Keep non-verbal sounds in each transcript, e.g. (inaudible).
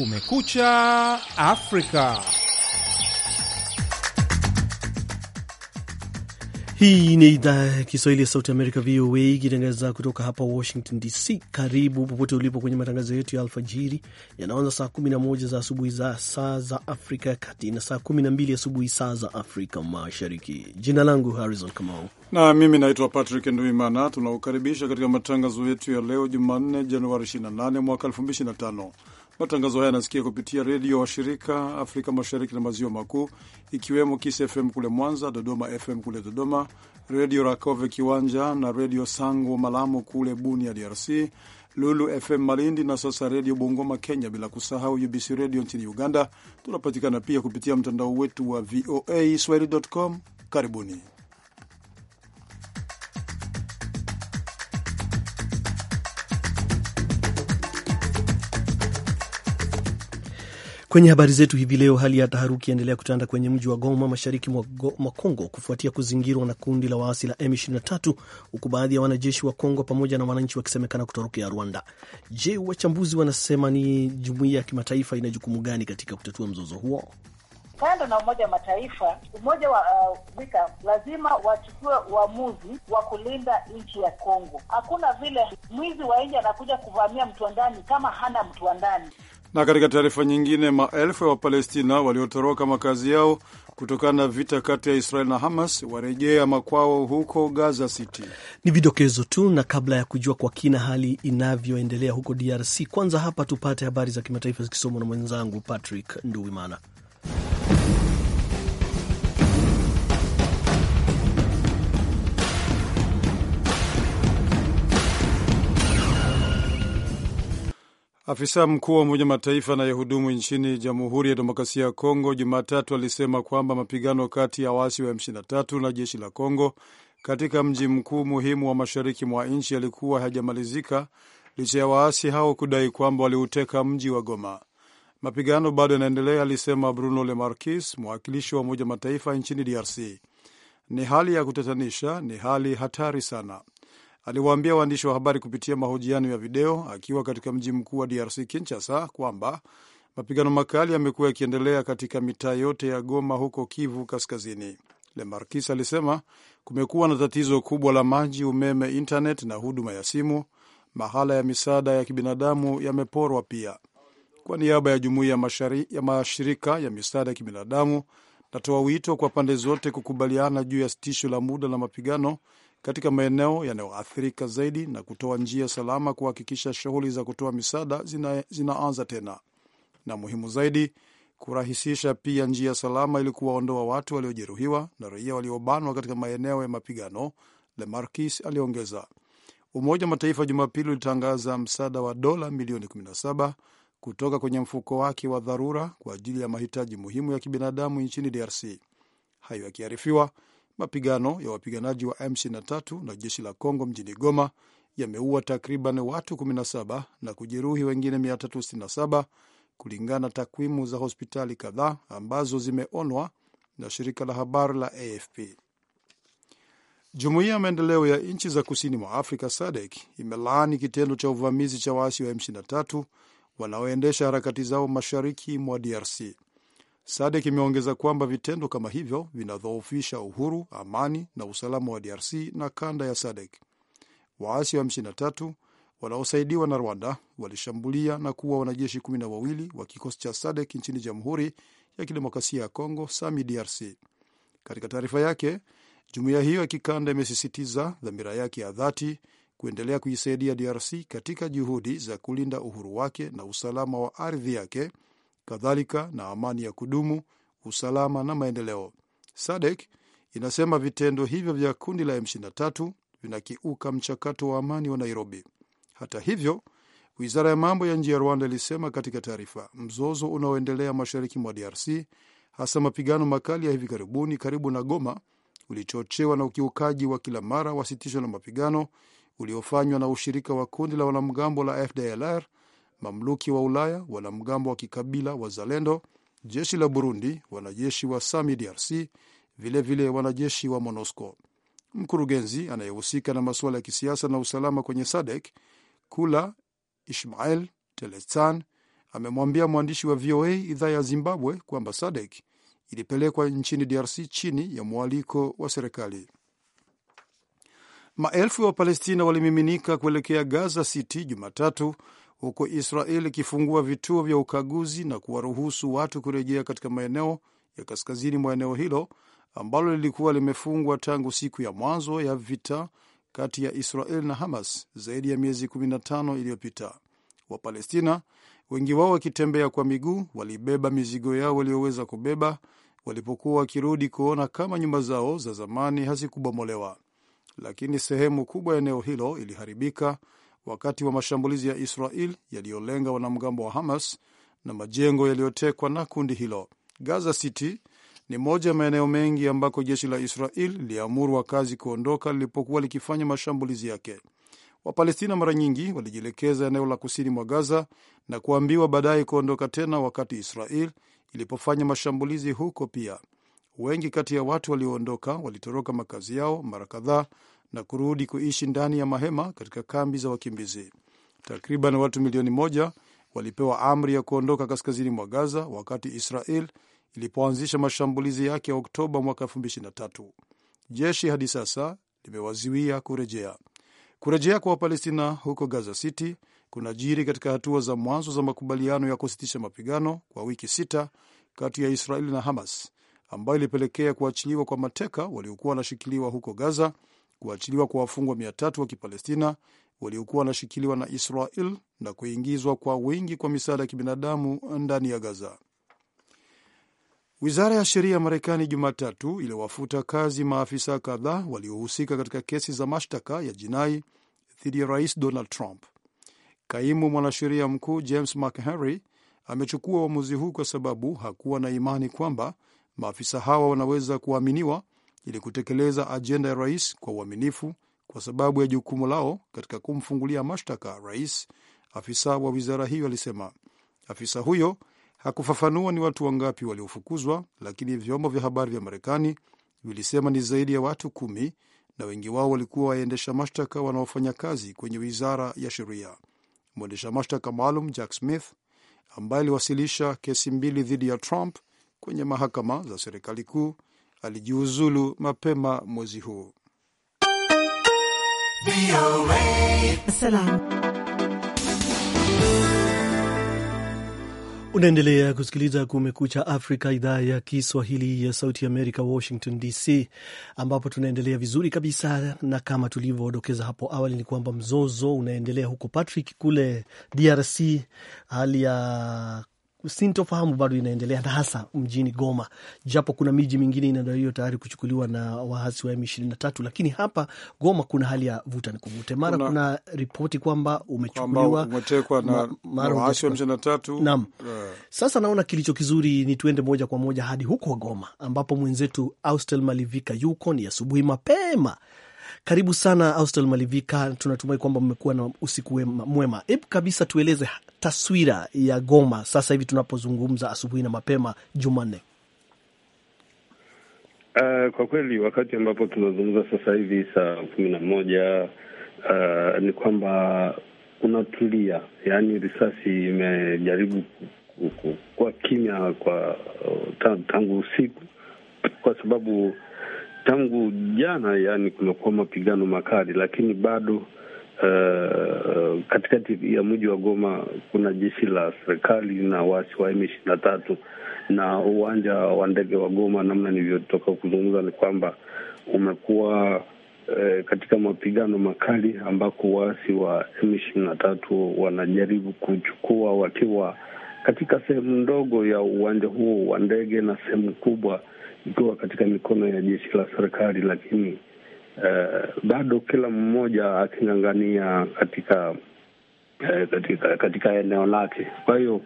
Kumekucha Afrika. Hii ni idhaa ya Kiswahili ya Sauti Amerika, VOA, ikitangaza kutoka hapa Washington DC. Karibu popote ulipo kwenye matangazo yetu ya alfajiri yanaanza saa 11 za asubuhi za saa za Afrika ya Kati na saa 12 asubuhi saa za Afrika Mashariki. Jina langu Harrison Kamau na mimi naitwa Patrick Nduimana. Tunakukaribisha katika matangazo yetu ya leo Jumanne, Januari 28 mwaka 2025. Matangazo haya yanasikia kupitia redio wa shirika Afrika Mashariki na Maziwa Makuu, ikiwemo Kis FM kule Mwanza, Dodoma FM kule Dodoma, Redio Rakove Kiwanja na Redio Sango Malamu kule Bunia, DRC, Lulu FM Malindi na sasa Redio Bongoma Kenya, bila kusahau UBC Redio nchini Uganda. Tunapatikana pia kupitia mtandao wetu wa VOA swahili.com. Karibuni. Kwenye habari zetu hivi leo, hali ya taharuki yaendelea kutanda kwenye mji wa Goma, mashariki mwa Kongo, kufuatia kuzingirwa na kundi la waasi la M23, huku baadhi ya wanajeshi wa Kongo pamoja na wananchi wakisemekana kutorokea Rwanda. Je, wachambuzi wanasema ni jumuiya ya kimataifa ina jukumu gani katika kutatua mzozo huo? Kando na Umoja wa Mataifa, Umoja wa Afrika uh, lazima wachukue uamuzi wa kulinda nchi ya Kongo. Hakuna vile mwizi wa nje anakuja kuvamia mtu wa ndani kama hana mtu wa ndani. Na katika taarifa nyingine, maelfu ya Wapalestina waliotoroka makazi yao kutokana na vita kati ya Israel na Hamas warejea makwao huko Gaza City. Ni vidokezo tu, na kabla ya kujua kwa kina hali inavyoendelea huko DRC, kwanza hapa tupate habari za kimataifa zikisomwa na mwenzangu Patrick Nduwimana. Afisa mkuu wa Umoja Mataifa anayehudumu nchini Jamhuri ya Demokrasia ya Kongo Jumatatu alisema kwamba mapigano kati ya waasi wa M23 na jeshi la Kongo katika mji mkuu muhimu wa mashariki mwa nchi yalikuwa hayajamalizika licha ya waasi hao kudai kwamba waliuteka mji wa Goma. Mapigano bado yanaendelea, alisema Bruno le Marquis, mwakilishi wa Umoja Mataifa nchini DRC. Ni hali ya kutatanisha, ni hali hatari sana aliwaambia waandishi wa habari kupitia mahojiano ya video akiwa katika mji mkuu wa DRC Kinshasa kwamba mapigano makali yamekuwa yakiendelea katika mitaa yote ya Goma huko Kivu Kaskazini. Lemarkis alisema kumekuwa na tatizo kubwa la maji, umeme, intanet na huduma ya simu. Mahala ya misaada ya kibinadamu yameporwa pia. Kwa niaba ya jumuiya ya mashirika ya misaada ya kibinadamu, natoa wito kwa pande zote kukubaliana juu ya sitisho la muda la mapigano katika maeneo yanayoathirika zaidi na kutoa njia salama kuhakikisha shughuli za kutoa misaada zina, zinaanza tena, na muhimu zaidi kurahisisha pia njia salama ili kuwaondoa watu waliojeruhiwa na raia waliobanwa katika maeneo ya mapigano, Lemarquis aliongeza. Umoja wa Mataifa Jumapili ulitangaza msaada wa dola milioni 17 kutoka kwenye mfuko wake wa dharura kwa ajili ya mahitaji muhimu ya kibinadamu nchini DRC. Hayo yakiarifiwa Mapigano ya wapiganaji wa M23 na jeshi la congo mjini Goma yameua takriban watu 17 na kujeruhi wengine 367 kulingana na takwimu za hospitali kadhaa ambazo zimeonwa na shirika la habari la AFP. Jumuiya ya maendeleo ya nchi za kusini mwa Afrika SADEK imelaani kitendo cha uvamizi cha waasi wa M23 wanaoendesha harakati zao mashariki mwa DRC sade imeongeza kwamba vitendo kama hivyo vinadhoofisha uhuru, amani na usalama wa DRC na kanda ya sadek Waasi wa M23 wanaosaidiwa na Rwanda walishambulia na kuua wanajeshi kumi na wawili wa kikosi cha sadek nchini Jamhuri ya Kidemokrasia ya Kongo, SAMI DRC. Katika taarifa yake, jumuiya hiyo ya kikanda imesisitiza dhamira yake ya dhati kuendelea kuisaidia DRC katika juhudi za kulinda uhuru wake na usalama wa ardhi yake kadhalika na amani ya kudumu, usalama na maendeleo. SADC inasema vitendo hivyo vya kundi la M23 vinakiuka mchakato wa amani wa Nairobi. Hata hivyo, wizara ya mambo ya nje ya Rwanda ilisema katika taarifa, mzozo unaoendelea mashariki mwa DRC, hasa mapigano makali ya hivi karibuni karibu na Goma, ulichochewa na ukiukaji wa kila mara wa sitisho la mapigano uliofanywa na ushirika wa kundi la wanamgambo la FDLR mamluki wa Ulaya, wanamgambo wa kikabila wa zalendo jeshi la Burundi, wanajeshi wa Sami DRC, vilevile vile wanajeshi wa MONUSCO. Mkurugenzi anayehusika na masuala ya kisiasa na usalama kwenye sadek Kula Ismail telesan amemwambia mwandishi wa VOA idhaa ya Zimbabwe kwamba sadek ilipelekwa nchini DRC chini ya mwaliko wa serikali. Maelfu ya Wapalestina walimiminika kuelekea Gaza City Jumatatu huku Israel ikifungua vituo vya ukaguzi na kuwaruhusu watu kurejea katika maeneo ya kaskazini mwa eneo hilo ambalo lilikuwa limefungwa tangu siku ya mwanzo ya vita kati ya Israel na Hamas zaidi ya miezi 15 iliyopita. Wapalestina wengi wao wakitembea kwa miguu walibeba mizigo yao walioweza kubeba walipokuwa wakirudi kuona kama nyumba zao za zamani hazikubomolewa, lakini sehemu kubwa ya eneo hilo iliharibika wakati wa mashambulizi ya Israel yaliyolenga wanamgambo wa Hamas na majengo yaliyotekwa na kundi hilo. Gaza City ni moja ya maeneo mengi ambako jeshi la Israel liliamuru wakazi kuondoka lilipokuwa likifanya mashambulizi yake. Wapalestina mara nyingi walijielekeza eneo la kusini mwa Gaza na kuambiwa baadaye kuondoka tena wakati Israel ilipofanya mashambulizi huko pia. Wengi kati ya watu walioondoka walitoroka makazi yao mara kadhaa na kurudi kuishi ndani ya mahema katika kambi za wakimbizi. Takriban watu milioni moja walipewa amri ya kuondoka kaskazini mwa Gaza wakati Israel ilipoanzisha mashambulizi yake ya Oktoba mwaka tatu. Jeshi hadi sasa limewaziwia kurejea. Kurejea kwa Wapalestina huko Gaza City kuna jiri katika hatua za mwanzo za makubaliano ya kusitisha mapigano kwa wiki sita kati ya Israeli na Hamas ambayo ilipelekea kuachiliwa kwa mateka waliokuwa wanashikiliwa huko Gaza kuachiliwa kwa wafungwa mia tatu wa Kipalestina waliokuwa wanashikiliwa na Israel na kuingizwa kwa wingi kwa misaada ya kibinadamu ndani ya Gaza. Wizara ya sheria ya Marekani Jumatatu iliwafuta kazi maafisa kadhaa waliohusika katika kesi za mashtaka ya jinai dhidi ya rais Donald Trump. Kaimu mwanasheria mkuu James McHenry amechukua uamuzi huu kwa sababu hakuwa na imani kwamba maafisa hawa wanaweza kuaminiwa ili kutekeleza ajenda ya rais kwa uaminifu kwa sababu ya jukumu lao katika kumfungulia mashtaka rais, afisa wa wizara hiyo alisema. Afisa huyo hakufafanua ni watu wangapi waliofukuzwa, lakini vyombo vya habari vya Marekani vilisema ni zaidi ya watu kumi, na wengi wao walikuwa waendesha mashtaka wanaofanya kazi kwenye wizara ya sheria. Mwendesha mashtaka maalum Jack Smith ambaye aliwasilisha kesi mbili dhidi ya Trump kwenye mahakama za serikali kuu alijiuzulu mapema mwezi huu. Unaendelea kusikiliza Kumekucha Afrika, idhaa ya Kiswahili ya Sauti Amerika, Washington DC, ambapo tunaendelea vizuri kabisa, na kama tulivyodokeza hapo awali ni kwamba mzozo unaendelea huko Patrick, kule DRC, hali ya sintofahamu bado inaendelea na hasa mjini Goma, japo kuna miji mingine inadaiwa tayari kuchukuliwa na waasi wa M23, lakini hapa Goma kuna hali ya vuta ni kuvute. Mara kuna, kuna ripoti kwamba umechukuliwa mara waasi wa M23. Naam, eh. sasa naona kilicho kizuri ni tuende moja kwa moja hadi huko Goma ambapo mwenzetu Austel Malivika yuko ni asubuhi mapema. Karibu sana Austel Malivika, tunatumai kwamba mmekuwa na usiku mwema. Hebu kabisa tueleze taswira ya Goma sasa hivi tunapozungumza asubuhi na mapema Jumanne? Uh, kwa kweli wakati ambapo tunazungumza sasa hivi saa kumi na moja uh, ni kwamba unatulia, yaani risasi imejaribu kuwa kimya kwa tangu usiku, kwa sababu tangu jana, yani kumekuwa mapigano makali, lakini bado Eh, katikati ya mji wa Goma kuna jeshi la serikali na waasi wa M ishirini na tatu na uwanja wa ndege wa Goma, namna nilivyotoka kuzungumza ni kwamba umekuwa eh, katika mapigano makali ambako waasi wa M ishirini na tatu wanajaribu kuchukua wakiwa katika sehemu ndogo ya uwanja huo wa ndege na sehemu kubwa ikiwa katika mikono ya jeshi la serikali, lakini eh, bado kila mmoja aking'ang'ania katika, eh, katika katika eneo lake. Kwa hiyo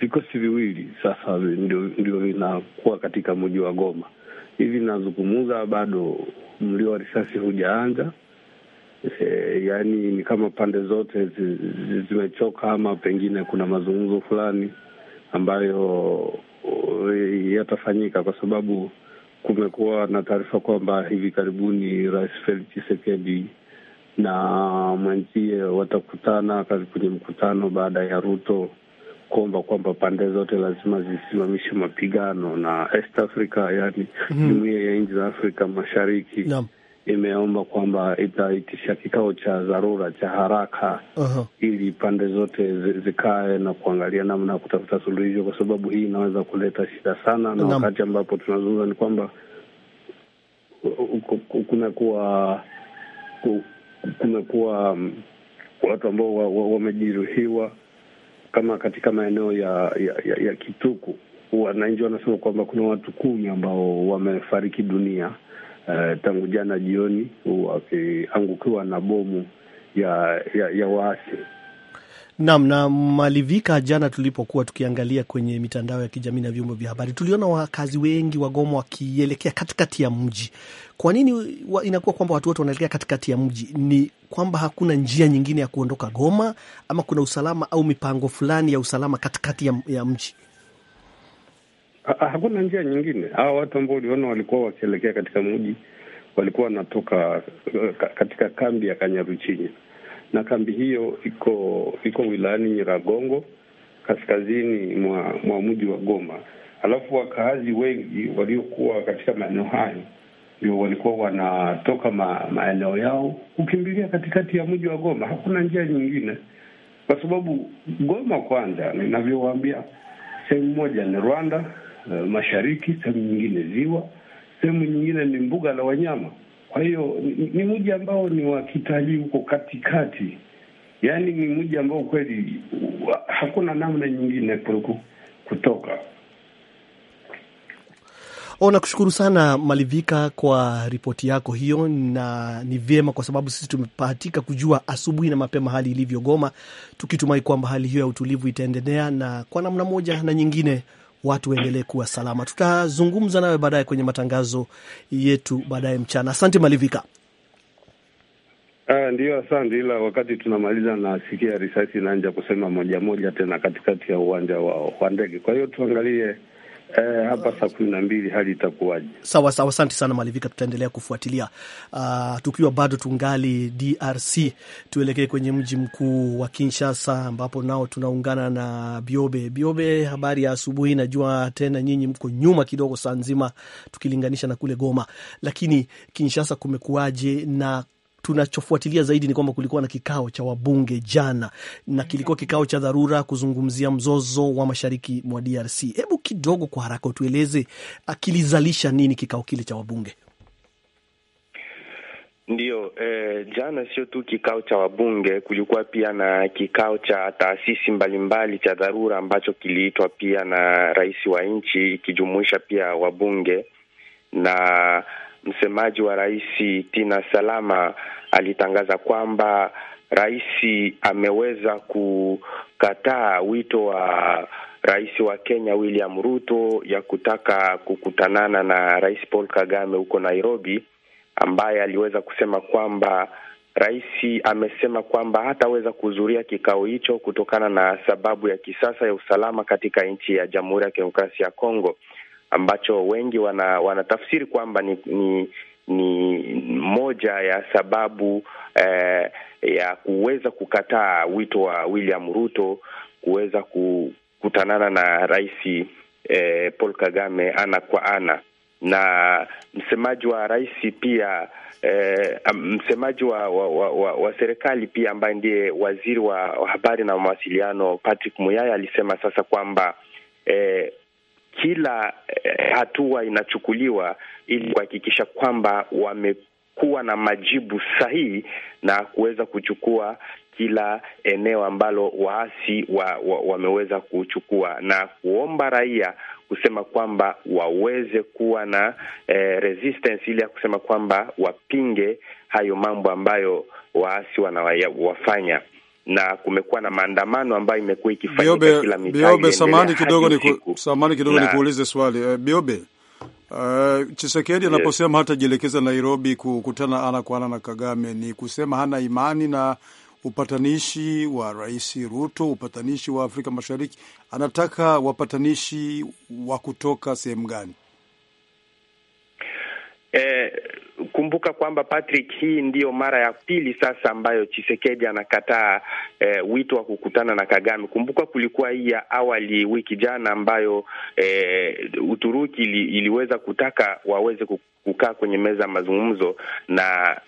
vikosi viwili sasa ndio vinakuwa katika mji wa Goma. Hivi nazungumuza bado mlio wa risasi hujaanza. E, yaani ni kama pande zote zimechoka, ama pengine kuna mazungumzo fulani ambayo eh, yatafanyika kwa sababu kumekuwa na taarifa kwamba hivi karibuni Rais Felix Tshisekedi na mwenzie watakutana kwenye mkutano baada ya Ruto kuomba kwamba pande zote lazima zisimamishe mapigano na East Africa, yani mhm. jumuia mm -hmm. ya nchi za Afrika Mashariki no imeomba kwamba itaitisha kikao cha dharura cha haraka uh -huh. ili pande zote zikae na kuangalia namna ya kutafuta suluhisho, kwa sababu hii inaweza kuleta shida sana, na wakati ambapo tunazungumza ni kwamba kumekuwa kumekuwa mm, watu ambao wamejeruhiwa kama katika maeneo ya, ya, ya, ya Kituku, wananchi wanasema kwamba kuna watu kumi ambao wamefariki dunia eh, tangu jana jioni wakiangukiwa na bomu ya, ya, ya waasi. nam na malivika, jana tulipokuwa tukiangalia kwenye mitandao ya kijamii na vyombo vya habari, tuliona wakazi wengi wa Goma wakielekea katikati ya mji. Kwa nini inakuwa kwamba watu wote wanaelekea katikati ya mji? Ni kwamba hakuna njia nyingine ya kuondoka Goma, ama kuna usalama au mipango fulani ya usalama katikati ya, ya mji? hakuna njia nyingine. Hawa watu ambao uliona walikuwa wakielekea katika mji walikuwa wanatoka eh, katika kambi ya Kanyaruchinya, na kambi hiyo iko iko wilayani Nyiragongo, kaskazini mwa, mwa mji wa Goma. Alafu wakaazi wengi waliokuwa katika maeneo hayo ndio walikuwa wanatoka ma, maeneo yao kukimbilia katikati ya mji wa Goma. Hakuna njia nyingine, kwa sababu Goma kwanza, ninavyowaambia, sehemu moja ni Rwanda Eh, mashariki, sehemu nyingine ziwa, sehemu nyingine ni mbuga la wanyama. Kwa hiyo ni, ni mji ambao ni wa kitalii huko katikati, yaani ni mji ambao kweli hakuna namna nyingine kutoka. O, nakushukuru sana Malivika kwa ripoti yako hiyo, na ni vyema kwa sababu sisi tumepahatika kujua asubuhi na mapema hali ilivyogoma, tukitumai kwamba hali hiyo ya utulivu itaendelea na kwa namna moja na nyingine watu waendelee kuwa salama. Tutazungumza nawe baadaye kwenye matangazo yetu baadaye mchana. Asante Malivika. Ah, ndiyo, asante. Ila wakati tunamaliza, nasikia risasi inaanza kusema moja moja tena katikati ya uwanja wa ndege, kwa hiyo tuangalie Eh, hapa saa kumi na mbili hali itakuwaje? Sawa sawa, asante sana Malivika, tutaendelea kufuatilia. Uh, tukiwa bado tungali DRC, tuelekee kwenye mji mkuu wa Kinshasa ambapo nao tunaungana na Biobe. Biobe, habari ya asubuhi. Najua tena nyinyi mko nyuma kidogo saa nzima tukilinganisha na kule Goma, lakini Kinshasa kumekuwaje na tunachofuatilia zaidi ni kwamba kulikuwa na kikao cha wabunge jana, na kilikuwa kikao cha dharura kuzungumzia mzozo wa mashariki mwa DRC. Hebu kidogo kwa haraka utueleze kilizalisha nini kikao kile cha wabunge? Ndiyo, eh, jana sio tu kikao cha wabunge, kulikuwa pia na kikao cha taasisi mbalimbali cha dharura ambacho kiliitwa pia na rais wa nchi ikijumuisha pia wabunge na msemaji wa rais Tina Salama alitangaza kwamba rais ameweza kukataa wito wa rais wa Kenya William Ruto ya kutaka kukutanana na rais Paul Kagame huko Nairobi, ambaye aliweza kusema kwamba rais amesema kwamba hataweza kuhudhuria kikao hicho kutokana na sababu ya kisasa ya usalama katika nchi ya Jamhuri ya Kidemokrasia ya Kongo ambacho wengi wana, wanatafsiri kwamba ni, ni ni moja ya sababu eh, ya kuweza kukataa wito wa William Ruto kuweza kukutanana na rais eh, Paul Kagame ana kwa ana na msemaji wa rais pia eh, msemaji wa, wa, wa, wa, wa serikali pia ambaye ndiye waziri wa habari na mawasiliano Patrick Muyaya alisema sasa kwamba eh, kila eh, hatua inachukuliwa ili kuhakikisha kwamba wamekuwa na majibu sahihi na kuweza kuchukua kila eneo ambalo waasi wa, wa, wameweza kuchukua na kuomba raia kusema kwamba waweze kuwa na eh, resistance ile ya kusema kwamba wapinge hayo mambo ambayo waasi wanawafanya na kumekuwa na maandamano ambayo imekuwa ikifanyika kila mitaa. Biobe, samani kidogo ni samani kidogo kuulize swali uh, Biobe uh, eh, Chisekedi anaposema yes, jielekeza Nairobi kukutana ana kwa ana na Kagame ni kusema hana imani na upatanishi wa Rais Ruto, upatanishi wa Afrika Mashariki. Anataka wapatanishi wa kutoka sehemu gani? Eh, kumbuka kwamba Patrick, hii ndiyo mara ya pili sasa ambayo Chisekedi anakataa eh, wito wa kukutana na Kagame. Kumbuka kulikuwa hii ya awali wiki jana ambayo eh, Uturuki ili, iliweza kutaka waweze kukaa kwenye meza ya mazungumzo na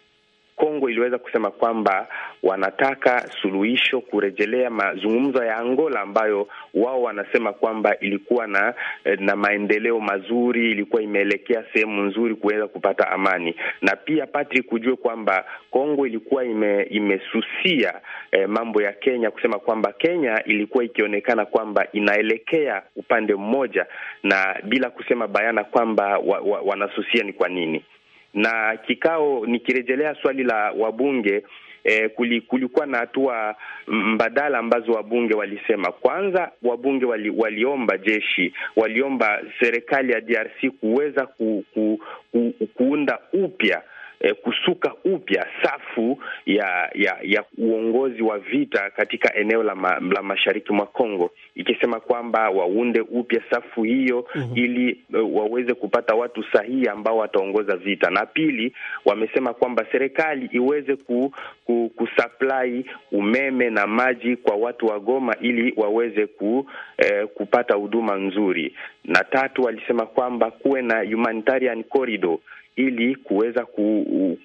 Kongo iliweza kusema kwamba wanataka suluhisho kurejelea mazungumzo ya Angola ambayo wao wanasema kwamba ilikuwa na eh, na maendeleo mazuri, ilikuwa imeelekea sehemu nzuri kuweza kupata amani. Na pia Patrick, hujue kwamba Kongo ilikuwa ime, imesusia eh, mambo ya Kenya kusema kwamba Kenya ilikuwa ikionekana kwamba inaelekea upande mmoja, na bila kusema bayana kwamba wa, wa, wanasusia ni kwa nini na kikao, nikirejelea swali la wabunge E, kulikuwa na hatua mbadala ambazo wabunge walisema. Kwanza wabunge wali, waliomba jeshi, waliomba serikali ya DRC kuweza ku, ku, ku, kuunda upya eh, kusuka upya safu ya, ya ya uongozi wa vita katika eneo la, ma, la mashariki mwa Kongo, ikisema kwamba waunde upya safu hiyo mm -hmm. ili e, waweze kupata watu sahihi ambao wataongoza vita, na pili wamesema kwamba serikali iweze ku, ku, kusupply umeme na maji kwa watu wa Goma ili waweze ku, eh, kupata huduma nzuri, na tatu walisema kwamba kuwe na humanitarian corridor ili kuweza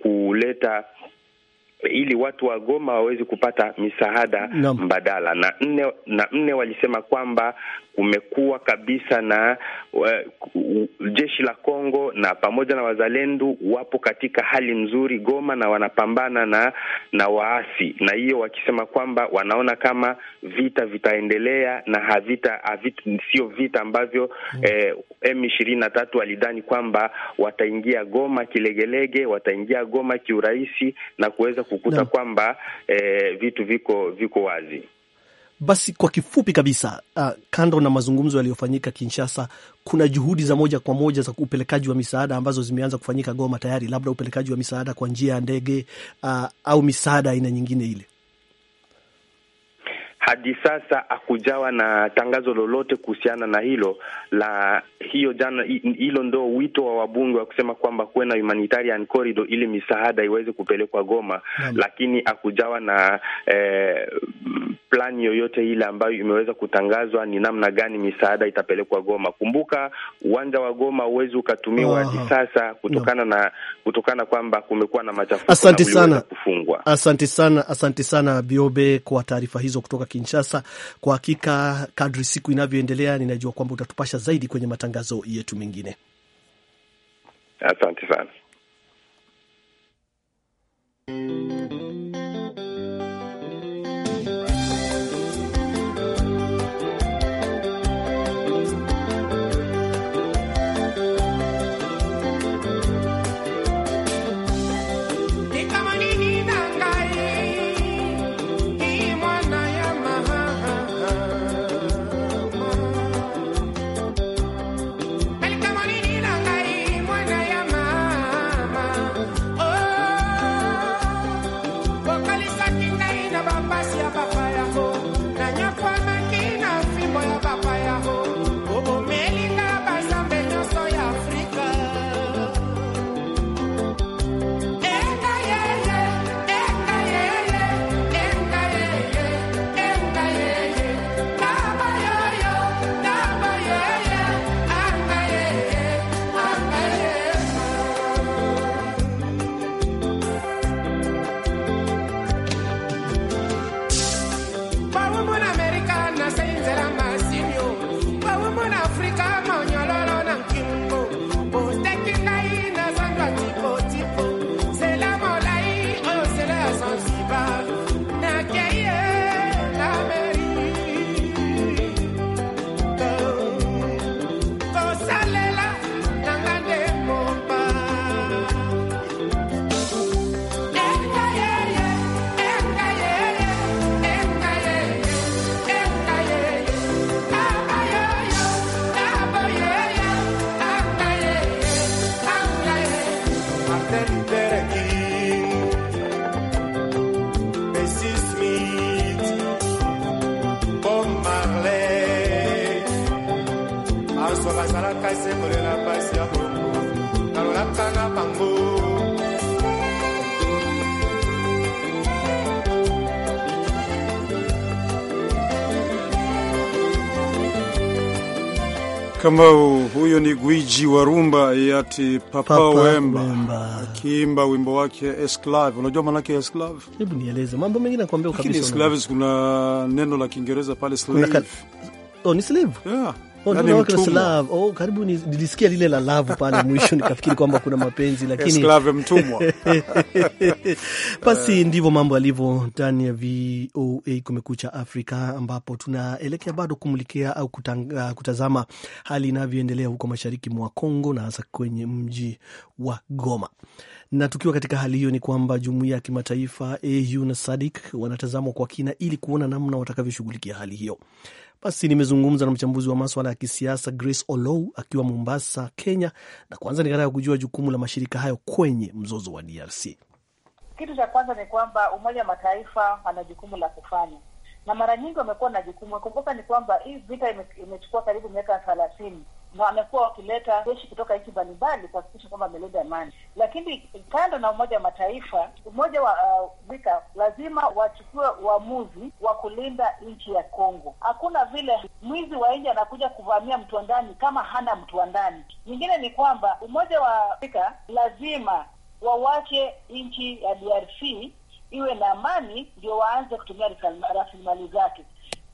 kuleta ili watu wa Goma waweze kupata misaada no. mbadala. Na nne, na nne walisema kwamba kumekuwa kabisa na uh, jeshi la Kongo na pamoja na wazalendo wapo katika hali nzuri Goma na wanapambana na na waasi, na hiyo wakisema kwamba wanaona kama vita vitaendelea na havita, havita sio vita ambavyo mm. eh, M23 walidhani kwamba wataingia Goma kilegelege, wataingia Goma kiurahisi na kuweza ku kukuta no. kwamba e, vitu viko viko wazi. Basi kwa kifupi kabisa, uh, kando na mazungumzo yaliyofanyika Kinshasa, kuna juhudi za moja kwa moja za upelekaji wa misaada ambazo zimeanza kufanyika Goma tayari, labda upelekaji wa misaada kwa njia ya ndege uh, au misaada aina nyingine ile hadi sasa hakujawa na tangazo lolote kuhusiana na hilo la hiyo jana. Hilo ndo wito wa wabunge wa kusema kwamba kuwe na humanitarian corridor ili misaada iweze kupelekwa Goma Nami. Lakini hakujawa na eh, plani yoyote ile ambayo imeweza kutangazwa ni namna gani misaada itapelekwa Goma. Kumbuka uwanja wa Goma huwezi ukatumiwa hadi sasa kutokana no. na kutokana kwamba kumekuwa na machafuko. Asante sana, kufungwa. Asante sana, asante sana Biobe kwa taarifa hizo kutoka Kinshasa. Kwa hakika, kadri siku inavyoendelea, ninajua kwamba utatupasha zaidi kwenye matangazo yetu mengine. Asante sana. Kamau, huyo ni gwiji wa rumba yati Papa, Papa Wemba, Wemba akiimba wimbo wake Esclave. Unajua maana yake Esclave? Hebu nieleze mambo mengine nakwambia kabisa. Lakini kuna neno la Kiingereza pale slave. Kuna ka... Oh, ni slave? Yeah. Yaani wanawake Oh, karibu nilisikia lile la lavu pale mwisho nikafikiri kwamba kuna mapenzi lakini mtumwa. (laughs) Basi ndivyo mambo yalivyo ndani ya VOA Kumekucha Afrika, ambapo tunaelekea bado kumulikia au kutanga, kutazama hali inavyoendelea huko mashariki mwa Kongo na hasa kwenye mji wa Goma na tukiwa katika hali hiyo, ni kwamba jumuiya ya kimataifa AU na SADIK wanatazamwa kwa kina ili kuona namna watakavyoshughulikia hali hiyo. Basi nimezungumza na mchambuzi wa maswala ya kisiasa Grace Olou akiwa Mombasa, Kenya, na kwanza nikataka kujua jukumu la mashirika hayo kwenye mzozo wa DRC. Kitu cha kwanza ni kwamba Umoja wa Mataifa ana jukumu la kufanya, na mara nyingi wamekuwa na jukumu. Kumbuka ni kwamba hii vita imechukua karibu miaka thelathini na wamekuwa wakileta jeshi kutoka nchi mbalimbali kuhakikisha kwamba amelinda amani. Lakini kando na Umoja wa Mataifa, Umoja wa uh, Afrika uh, lazima wachukue uamuzi wa kulinda nchi ya Kongo. Hakuna vile mwizi wa nje anakuja kuvamia mtu wa ndani kama hana mtu wa ndani. Nyingine ni kwamba Umoja wa Afrika lazima wawache nchi ya DRC iwe na amani, ndio waanze kutumia rasilimali zake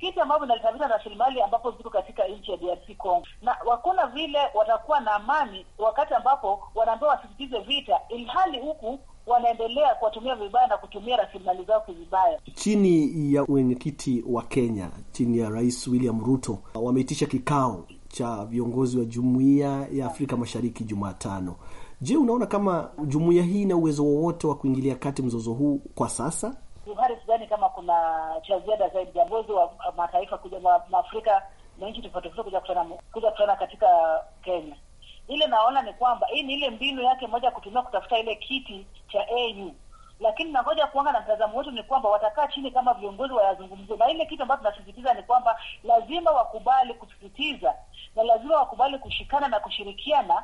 kitu ambavyo inalitamisha rasilimali ambapo ziko katika nchi ya DRC Congo, na hakuna vile watakuwa na amani wakati ambapo wanaambiwa wasisitize vita, ilhali huku wanaendelea kuwatumia vibaya na kutumia rasilimali zao vibaya. Chini ya mwenyekiti wa Kenya, chini ya Rais William Ruto, wameitisha kikao cha viongozi wa Jumuiya ya Afrika Mashariki Jumatano. Je, unaona kama jumuiya hii ina uwezo wowote wa kuingilia kati mzozo huu kwa sasa? Buhari sidhani kama kuna cha ziada zaidi. Viongozi wa mataifa kuja Afrika na nchi tofauti tofauti kuja kutana kuja kutana katika Kenya, ile naona ni kwamba hii ni ile mbinu yake moja kutumia kutafuta ile kiti cha AU, lakini nangoja kuanga na mtazamo wetu ni kwamba watakaa chini kama viongozi wayazungumzie, na ile kitu ambayo tunasisitiza ni kwamba lazima wakubali kusisitiza na lazima wakubali kushikana na kushirikiana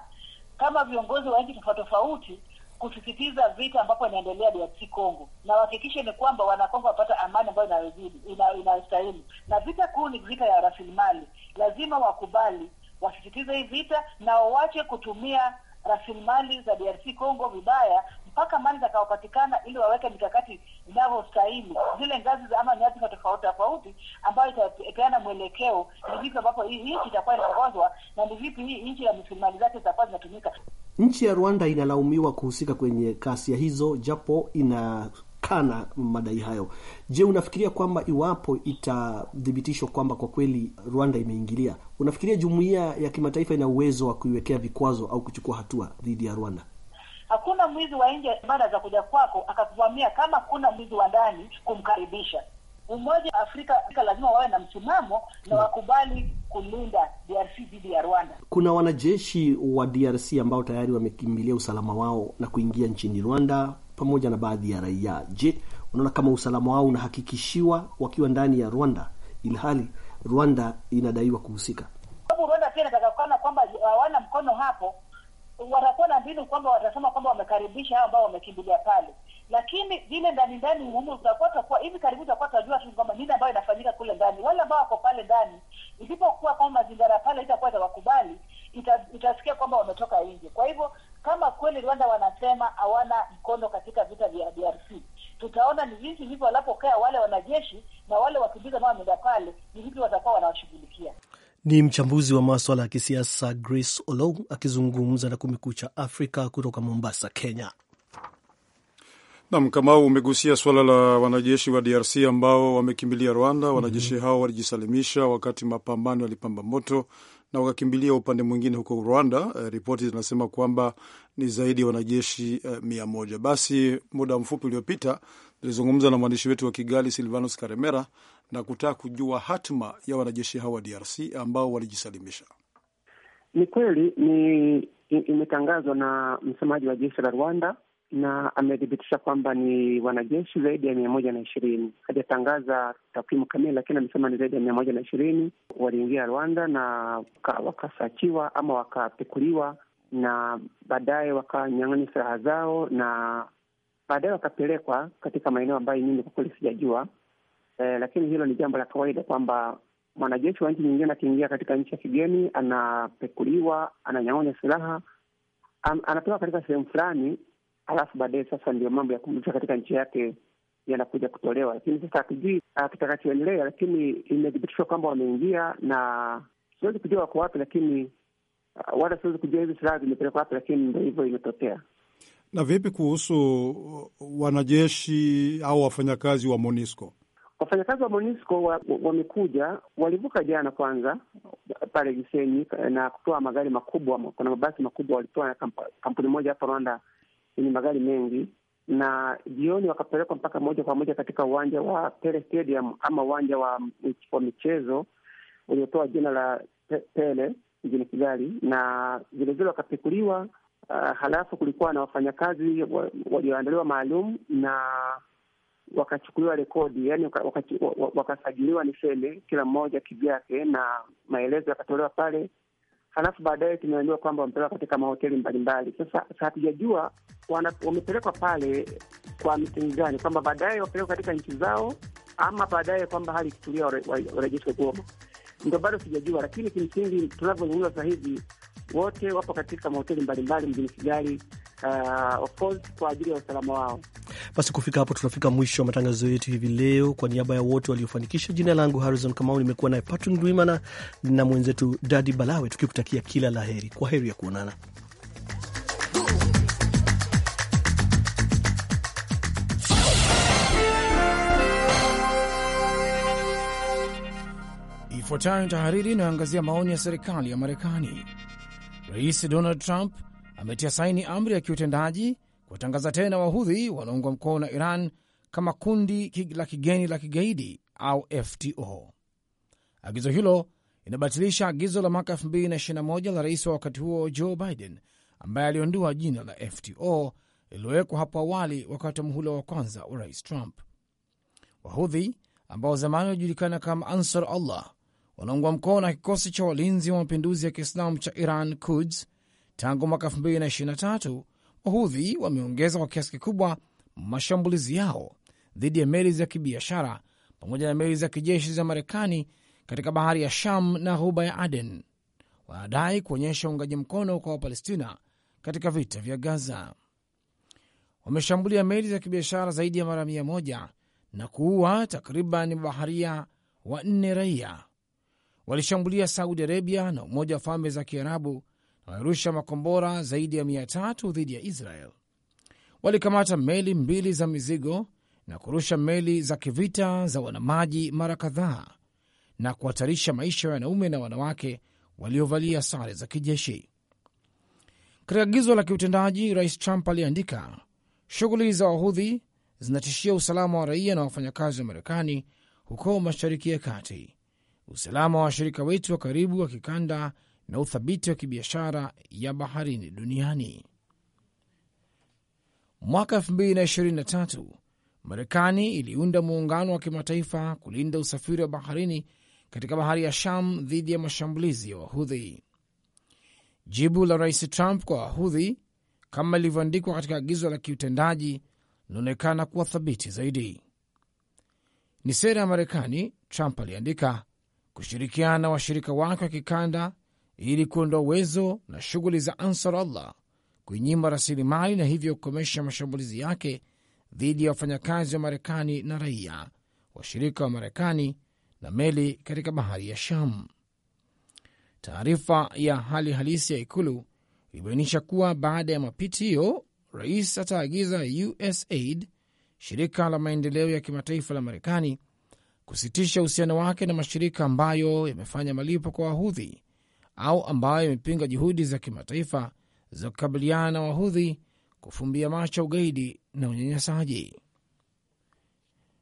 kama viongozi wa nchi tofauti tofauti kusisitiza vita ambapo inaendelea DRC Congo, na wahakikishe ni kwamba wanakongo wapata amani ambayo inayozidi inayostahili. Na vita kuu ni vita ya rasilimali, lazima wakubali, wasisitize hii vita na wawache kutumia rasilimali za DRC Congo vibaya mpaka mali zakaopatikana ili waweke mikakati inavyostahili zile ngazi za ama nyadhifa tofauti tofauti, ambayo itapeana mwelekeo ni vipi ambapo hii nchi itakuwa inaongozwa na ni vipi hii nchi ya rasilimali zake zitakuwa zinatumika. Nchi ya Rwanda inalaumiwa kuhusika kwenye kasia hizo japo inakana madai hayo. Je, unafikiria kwamba iwapo itathibitishwa kwamba kwa kweli Rwanda imeingilia, unafikiria jumuiya ya kimataifa ina uwezo wa kuiwekea vikwazo au kuchukua hatua dhidi ya Rwanda? Hakuna mwizi wa nje baada za kuja kwako akakuvamia, kama kuna mwizi wa ndani kumkaribisha Umoja wa Afrika lazima wawe na msimamo na hmm. wakubali kulinda DRC dhidi ya Rwanda. Kuna wanajeshi wa DRC ambao tayari wamekimbilia usalama wao na kuingia nchini Rwanda pamoja na baadhi ya raia. Je, unaona kama usalama wao unahakikishiwa wakiwa ndani ya Rwanda ilhali Rwanda inadaiwa kuhusika? Sababu Rwanda pia inatakana kwamba uh, hawana mkono hapo, watakuwa na mbinu kwamba watasema kwamba wamekaribisha hao ambao wamekimbilia pale lakini vile ndani ndani humu utakuta tutakuwa hivi karibu utakuta jua tu kwamba nini ambayo inafanyika kule ndani. Wale ambao wako pale ndani, ilipokuwa kwamba mazingira pale itakuwa itawakubali, itasikia kwamba wametoka nje. Kwa hivyo kama kweli Rwanda wanasema hawana mkono katika vita vya DRC, tutaona ni jinsi hivyo wanapokaa wale wanajeshi na wale wakimbizi ambao wameenda pale, ni hivi watakuwa wanawashughulikia. Ni mchambuzi wa maswala ya kisiasa Grace olo akizungumza na Kumekucha Afrika kutoka Mombasa, Kenya. Nam Kamau umegusia suala la wanajeshi wa DRC ambao wamekimbilia Rwanda. Mhm. Wanajeshi mm -hmm. hao walijisalimisha wakati mapambano yalipamba moto na wakakimbilia upande mwingine huko Rwanda. Eh, ripoti zinasema kwamba ni zaidi ya wanajeshi uh, mia moja. Basi muda mfupi uliopita tulizungumza na mwandishi wetu wa Kigali Silvanus Karemera na kutaka kujua hatima ya wanajeshi hao wa DRC ambao walijisalimisha. Ni kweli ni imetangazwa na msemaji wa jeshi la Rwanda na amethibitisha kwamba ni wanajeshi zaidi ya mia moja na ishirini. Hajatangaza takwimu kamili, lakini amesema ni zaidi ya mia moja na ishirini waliingia Rwanda na wakasachiwa ama wakapekuliwa, na baadaye wakanyang'anywa silaha zao, na baadaye wakapelekwa katika maeneo ambayo mimi kwa kweli sijajua. E, lakini hilo ni jambo la kawaida kwamba mwanajeshi wa nchi nyingine akiingia katika nchi ya kigeni, anapekuliwa, ananyang'onya silaha, anapewa katika sehemu fulani halafu baadaye sasa ndio mambo ya kumrudisha katika nchi yake yanakuja kutolewa, lakini sasa hatujui ah, kitakachoendelea. Lakini imethibitishwa kwamba wameingia, na siwezi kujua wako wapi, lakini ah, wala siwezi kujua hizi silaha zimepelekwa wapi, lakini ndo hivyo imetokea. Na vipi kuhusu uh, wanajeshi au wafanyakazi wa MONUSCO? Wafanyakazi wa MONUSCO wamekuja wa, wa walivuka jana kwanza pale Gisenyi na kutoa magari makubwa, kuna mabasi makubwa walitoa na kampuni moja hapa Rwanda yenye magari mengi, na jioni wakapelekwa mpaka moja kwa moja katika uwanja wa Pele Stadium ama uwanja wa wa michezo uliotoa jina la Pele mjini Kigali, na vilevile wakapekuliwa. Uh, halafu kulikuwa na wafanyakazi walioandaliwa maalum na wakachukuliwa rekodi, yani wakasajiliwa, waka, waka niseme, kila mmoja kivyake, na maelezo yakatolewa pale halafu baadaye tumeambiwa kwamba wamepelekwa katika mahoteli mbalimbali. Sasa hatujajua wamepelekwa pale kwa misingi gani, kwamba baadaye wapelekwa katika nchi zao ama baadaye kwamba hali ikitulia warejeshwe Goma, ndo bado sijajua. Lakini kimsingi tunavyozungumza sasa hivi wote wapo katika mahoteli mbalimbali mjini Kigali, uh, of course kwa ajili ya usalama wao. Basi kufika hapo, tunafika mwisho wa matangazo yetu hivi leo. Kwa niaba ya wote waliofanikisha, jina langu Harrison Kamau, nimekuwa naye Patrick Dwimana na mwenzetu Dadi Balawe, tukikutakia kila la heri. Kwa heri ya kuonana. Ifuatayo ni tahariri inayoangazia maoni ya serikali ya Marekani. Rais Donald Trump ametia saini amri ya kiutendaji kuwatangaza tena wahudhi wanaungwa mkono na Iran kama kundi la kigeni la kigaidi au FTO. Agizo hilo linabatilisha agizo la mwaka 2021 la rais wa wakati huo Joe Biden ambaye aliondoa jina la FTO lililowekwa hapo awali wakati wa muhula wa kwanza wa rais Trump. Wahudhi ambao zamani walijulikana kama Ansar Allah wanaungwa mkono na kikosi cha walinzi wa mapinduzi ya Kiislamu cha Iran, cuds tangu mwaka 2023 Wahudhi wameongeza kwa kiasi kikubwa mashambulizi yao dhidi ya meli za kibiashara pamoja na meli za kijeshi za Marekani katika bahari ya Sham na ghuba ya Aden. Wanadai kuonyesha uungaji mkono kwa Wapalestina katika vita vya Gaza. Wameshambulia meli za kibiashara zaidi ya mara mia moja na kuua takriban mabaharia wanne raia. Walishambulia Saudi Arabia na Umoja wa Falme za Kiarabu wamerusha makombora zaidi ya mia tatu dhidi ya Israel. Walikamata meli mbili za mizigo na kurusha meli za kivita za wanamaji mara kadhaa na kuhatarisha maisha ya wanaume na wanawake waliovalia sare za kijeshi. Katika agizo la kiutendaji, Rais Trump aliandika, shughuli za wahudhi zinatishia usalama wa raia na wafanyakazi wa Marekani huko Mashariki ya Kati, usalama wa washirika wetu wa karibu wa kikanda na uthabiti wa kibiashara ya baharini duniani. Mwaka 2023 Marekani iliunda muungano wa kimataifa kulinda usafiri wa baharini katika bahari ya Sham dhidi ya mashambulizi ya wa Wahudhi. Jibu la Rais Trump kwa Wahudhi, kama lilivyoandikwa katika agizo la kiutendaji, linaonekana kuwa thabiti zaidi. Ni sera ya Marekani, Trump aliandika, kushirikiana na washirika wake wa kikanda ili kuondoa uwezo na shughuli za Ansar Allah, kuinyima rasilimali na hivyo kukomesha mashambulizi yake dhidi ya wafanyakazi wa Marekani na raia washirika wa Marekani na meli katika bahari ya Sham. Taarifa ya hali halisi ya ikulu ilibainisha kuwa baada ya mapitio, rais ataagiza USAID, shirika la maendeleo ya kimataifa la Marekani, kusitisha uhusiano wake na mashirika ambayo yamefanya malipo kwa Wahudhi au ambayo imepinga juhudi za kimataifa za kukabiliana na wahudhi kufumbia macho ugaidi na unyanyasaji.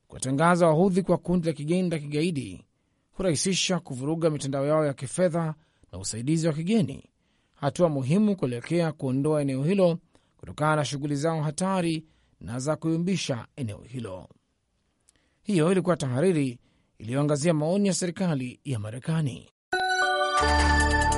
Kuwatangaza wahudhi kwa kundi la kigeni la kigaidi hurahisisha kuvuruga mitandao yao ya kifedha na usaidizi wa kigeni, hatua muhimu kuelekea kuondoa eneo hilo kutokana na shughuli zao hatari na za kuyumbisha eneo hilo. Hiyo ilikuwa tahariri iliyoangazia maoni ya serikali ya Marekani. Música